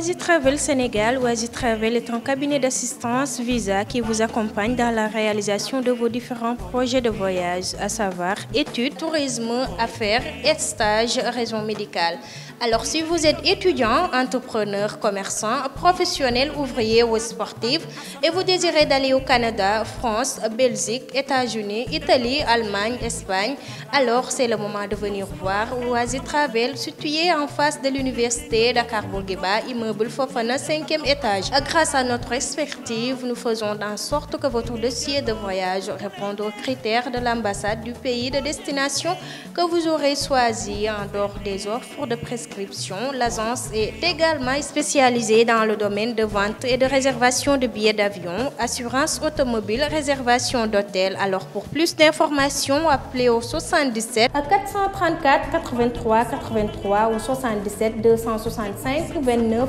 Oasis Travel Sénégal, Oasis Travel est un cabinet d'assistance visa qui vous accompagne dans la réalisation de vos différents projets de voyage, à savoir études, tourisme, affaires et stages, raison médicale. Alors si vous êtes étudiant, entrepreneur, commerçant, professionnel, ouvrier ou sportif et vous désirez d'aller au Canada, France, Belgique, États-Unis, Italie, Allemagne, Espagne, alors c'est le moment de venir voir Oasis situé en face de l'université immeuble Fofana 5e étage. Grâce à notre expertise, nous faisons en sorte que votre dossier de voyage réponde aux critères de l'ambassade du pays de destination que vous dans le domaine de vente et de réservation de billets d'avion, assurance automobile, réservation d'hôtel. Alors pour plus d'informations, appelez au 77 à 434 83 83 ou 77 265 29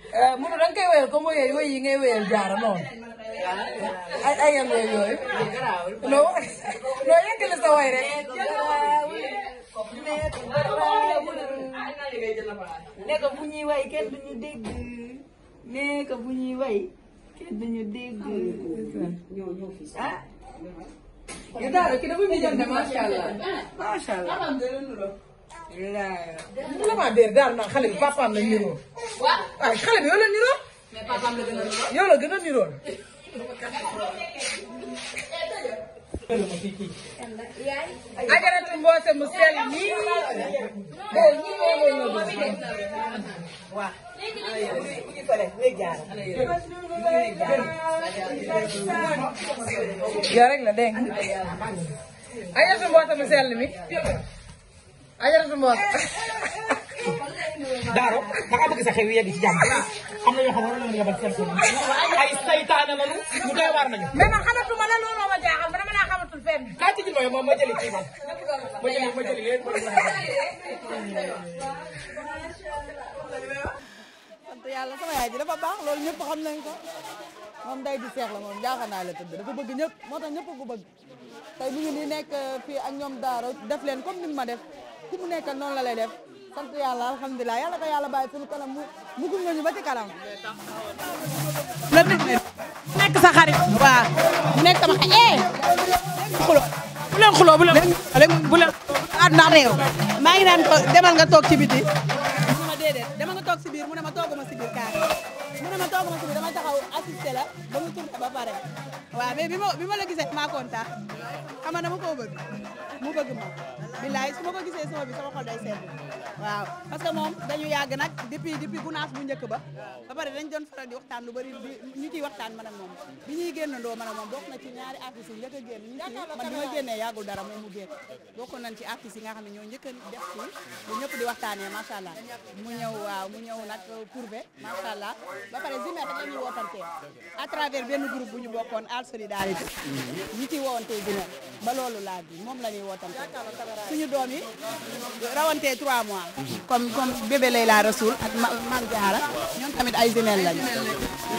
Eh, munu da nga koy wéyal comme yooyu yooyu yi ngay wéyal jaara noonu ay ay yan sa way rek ne ko bu ñuy way ne ko bu ñuy way kenn duñu dégg mu la maa dee daal naa xale bi papaam la niroo. a xale bi la niroo. mais papaam la gën a niroo. la gën a niroo. ajaratu mboose mu sell nii. yow rek la dégg nga. ajaratu mi. ajaratu Mor. Daaro da ngaa bëgg sa xew yegg ci jàmm am na yoo xam ne war nañu yabal seen sonn ay saytaane nañu ñu doy waar nañu. mais man xamatuma la looloo ma jaaxal man dama laa xamatul fenn. kaa ci jël ma ma jëli ci man ma jëli ma jëli léegi. sant yàlla sama yaay ji dafa baax loolu ñëpp xam nañ ko moom day di seex la moom jaaxal naa la tëdd dafa bëgg ñëpp moo tax ñëpp a ko bëgg tey mu ngi nii nekk fii ak ñoom Daaro def leen comme ni mu ma def. ku mu nekk noonu la lay def sant yàlla alhamdulilah yàlla ko yàlla bàyyi suñu mu mu gum nañu ba ci kanam. la nekk sa xarit. waaw maa ngi naan ko demal nga toog ci biti. mu nga toog si biir mu ne ma tooguma ci biir kaay. taxaw ma ci biir dama taxaw assisté la ba mu tourné bi ma bi ma la gisee maa kontaan xam nga dama koo bëgg mu bëgg ma billaay su ma ko gisee sama bi sama xol day sedd waaw parce que moom dañu yàgg nag depuis depuis gunaas bu njëkk ba ba pare dañ doon faral di waxtaan lu bëri ñu ciy waxtaan man ak moom bi ñuy génnandoo ma ak moom bokk na ci ñaari artistes yi njëkk a génn ñu ci man bi ma génnee yàggul dara moom mu génn bokk nañ ci artistes yi nga xam ne ñoo njëkk ñëpp di waxtaanee macha allah mu ñëw waaw mu ñëw nag bu ne dañu wootante à travers benn groupe bu ñu bokkoon al solidarité ñi ci woowante loolu laa bi moom la ñuy wootante suñu doom yi rawantee trois mois comme comme bébé lay laa rasul ak Mame Diarra ñoom tamit ay jumelles lañu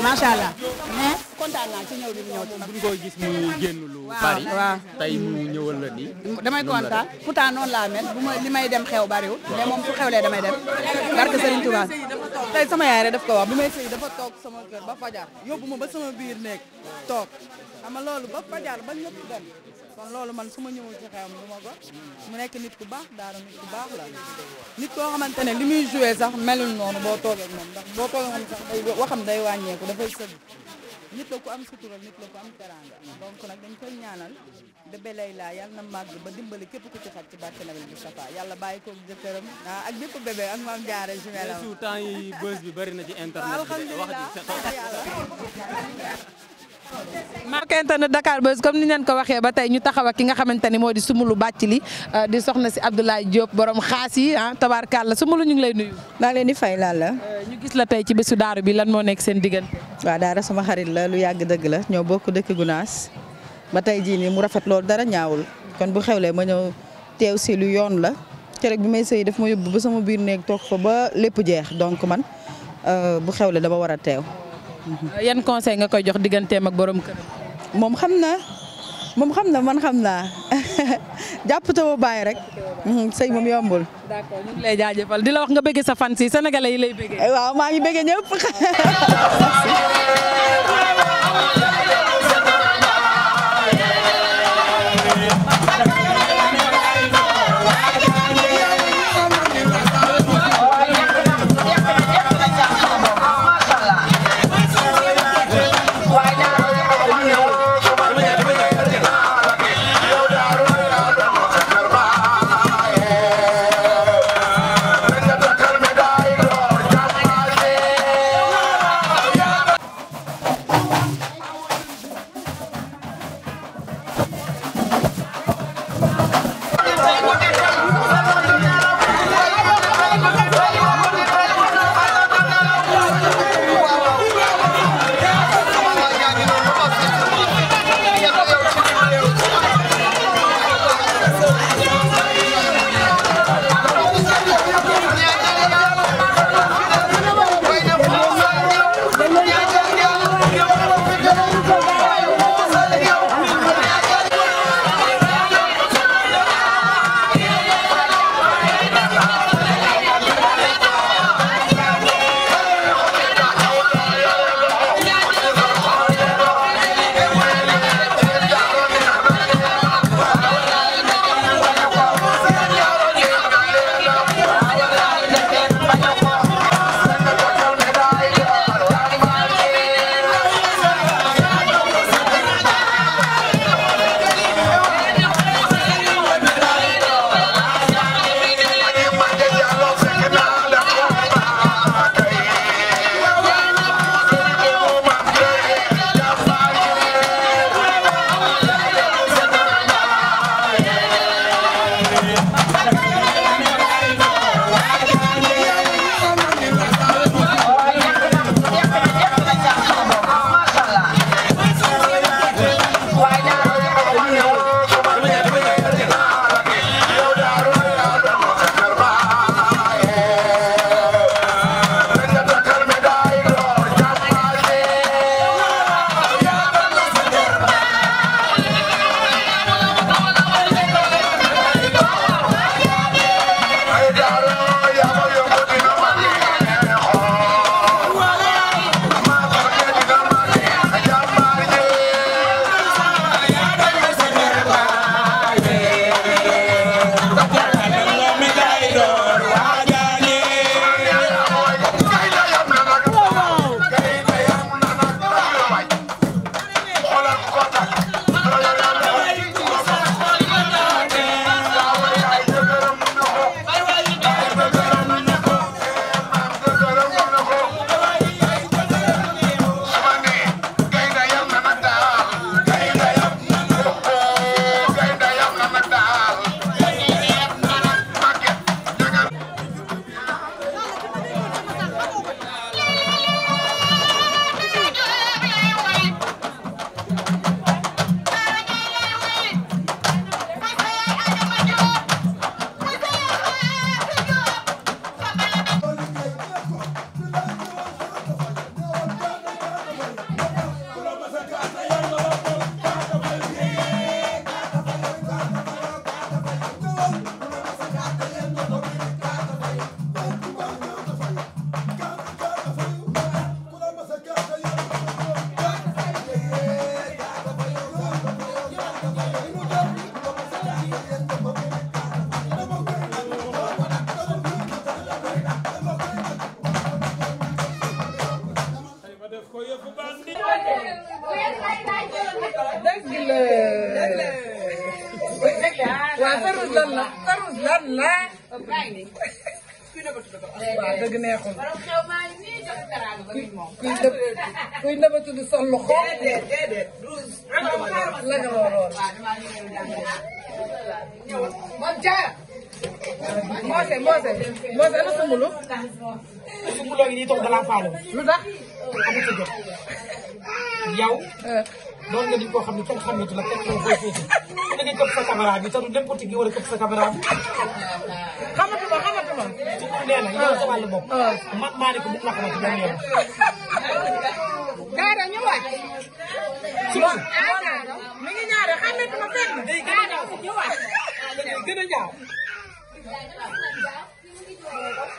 macha allah mais kontaan naa ci ñëw bi mu ñëw buñ koy gis mu génn lu bari waaw tey mu ñëwal la nii damay kontaan pourtant noonu laa mel bu li may dem xew bariwul mais moom fu xewlee damay dem barke Serigne Touba tey sama yaay rek daf ko wax bi may sëy dafa toog sama kër ba fajar yóbbu ma ba sama biir néeg toog ama nga loolu ba fajar ba ñëpp dem kon loolu man su ma ñëwul ci xewam du ma ko mu nekk nit ku baax daara nit ku baax la nit koo xamante ne li muy joué sax melul noonu boo toogee ak moom ndax boo toogee moom sax day waxam day wàññeeku dafay nit la ko am sutura nit la ko am teranga donc nag dañ koy ñaanal bébé Layla yàlla na màgg ba dimbali képp ku ci xaj ci barke Nabil Moustapha yàlla bàyyi ko jëkkëram ah, ak bépp bébé ak maam jaare jumelam temps yi buzz bi bari na ci internet wax ci maakente ne Dakar Buzz comme ni leen ko waxee ba tey ñu taxaw nga xamante ni moo di Soumboulou Bathily euh, di soxna si Abdoulaye Diop borom xaas yi ah tabaarkàlla Soumboulou ñu ngi lay nuyu. leen di fay laal euh, gis la tey ci bésu daaru bi lan moo nekk seen diggante. waaw daara sama xarit la lu yàgg dëgg la ñoo bokk dëkk Gunaas ba tey jii nii mu rafet loolu dara ñaawul kon bu xewlee ma ñëw teew si lu yoon la keroog bi may sëy daf ma yóbbu sama biir néeg toog fa ba lépp jeex donc man euh, bu xewlee dama war a teew. Euh, yan conseil nga koy jox digganteem ak borom kër. moom xam na moom xam na man xam naa jàpp te ba bàyyi rek. Mhm, sëy moom yombul. d'accord lay jaajëfal di la wax nga bëgg sa fan si sénégalais yi lay bëggee. waaw maa ngi bëggee ñëpp. dëgg la waaw Farouz lan la Farouz lan la. waaw dëgg neexul. kuy dë kuy nëbëtu di sol lu xool. la nga waroon. Mose Mose Mose ana sumbulu. sumbulu ngi nii toog da laa faale. lu tax. yow doon nga di koo xam ne kenn xamatu la kenn koy féete ku nekk këpp sa caméra bi te du dem politique yi wala këpp sa caméra bi. xamatu ma xamatu ma. ci nee na yow sa wàllu bopp. Ah. man maa ne ko bu ñu waxee ci benn yoon. Daara ñu wàcc. ci man mi ngi ñaare xamatu ma fenn. day gën a ñaaw day gën a ñaaw.